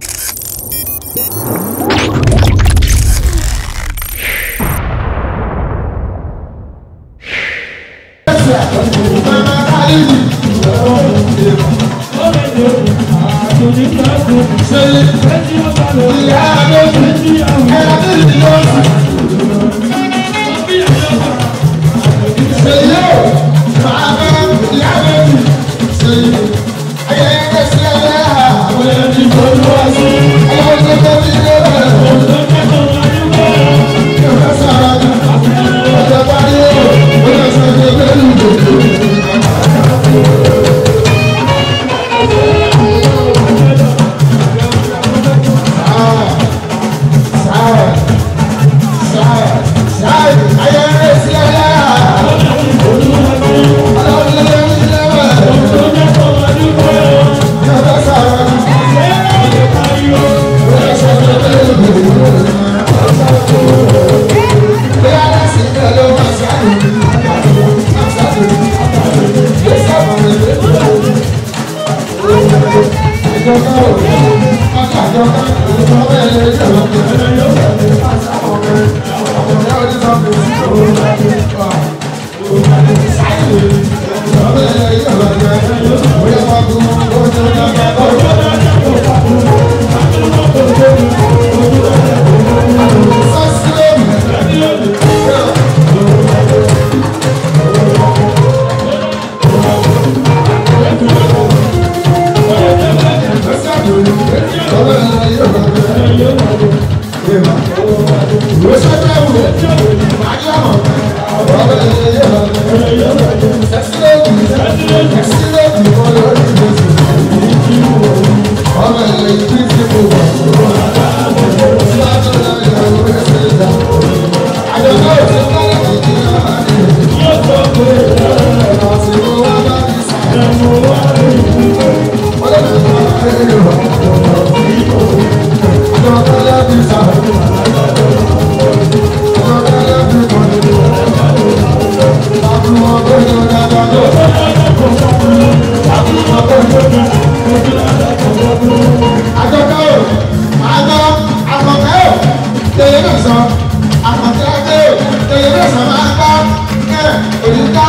you Bye-bye. Thank you.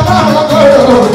bá wọn kọ́ ọ́.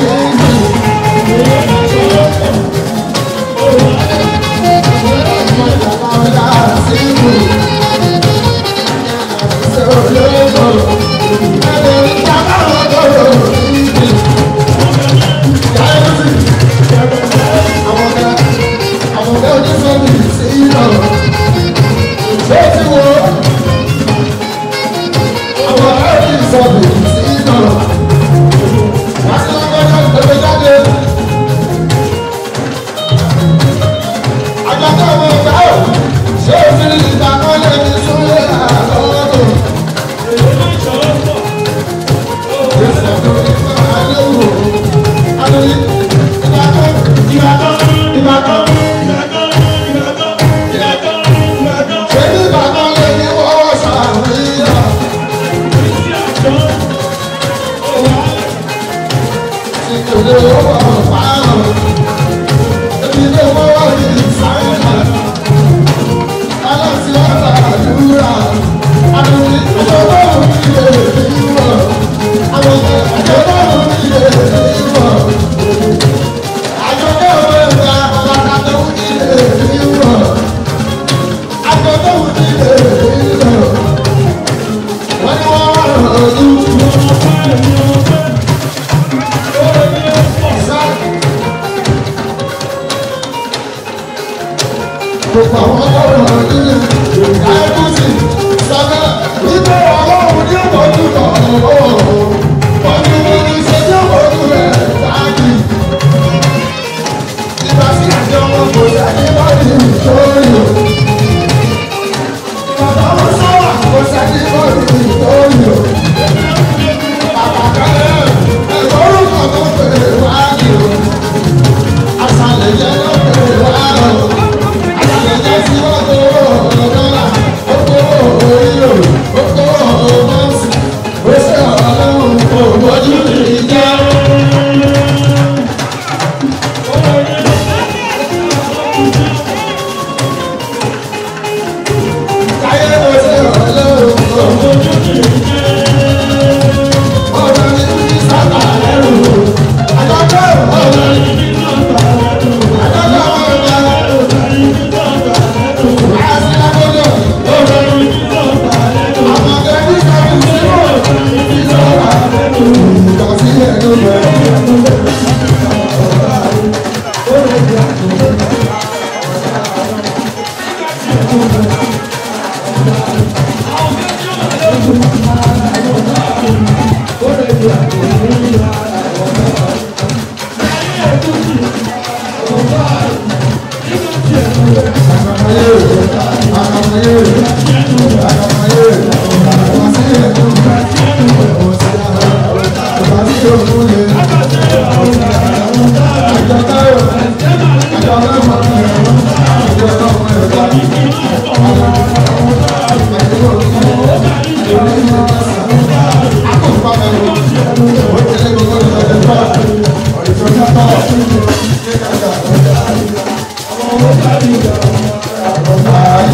ìgbà tó ìgbà tó. Alright.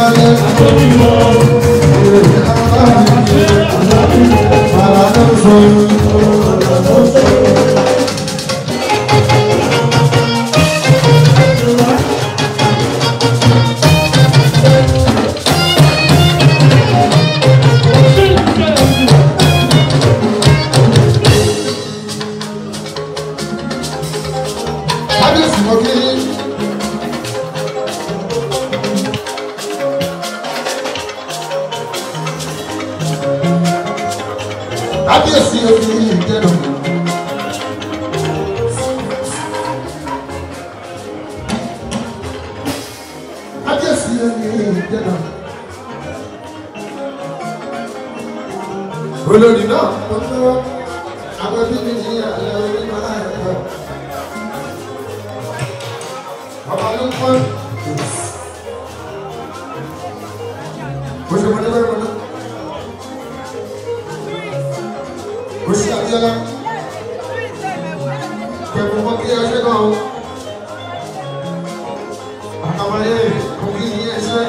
Thank you. kábíyèsí ojú yìí ń dẹnu. kábíyèsí ojú yìí ń dẹnu. olórí náà mo ń lọ àwọn ẹbí mi ní àlẹ́ orí máa ń lọ. ọba ló ń pọ́n. Abíọ́lá pẹ̀lú wọn kí ẹ ṣe náà o àtàwọn ẹ̀ kò kí ni ẹ ṣe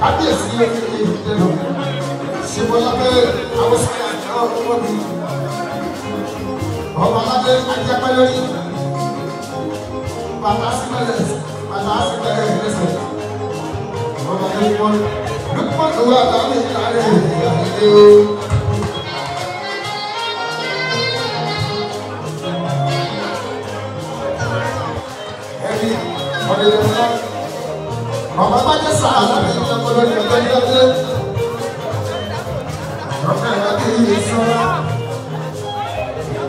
kábíyèsí ló fi kí ìdílé lọ ṣùgbọ́n lábẹ́ àwọn sí àjọ ọmọ mi ọmọ aládé ajápẹ́lórí bàtà sípẹ́lẹ̀ bàtà sípẹ́lẹ̀ ẹ̀ẹ́dẹ́sẹ̀ ọmọ ẹ̀yìn wọn lókùmọ̀ tó wà láwọn ìlànà ìlànà ìlànà. kiri ọdẹ yẹn fẹ ọba gbàdé sa alábẹ yìí lọkọ lórí ọgbẹ yìí lọkọ ọgbẹ yìí lọkọ yìí sọ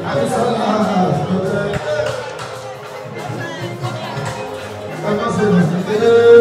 àbísọ náà ọgbẹ ẹgbẹ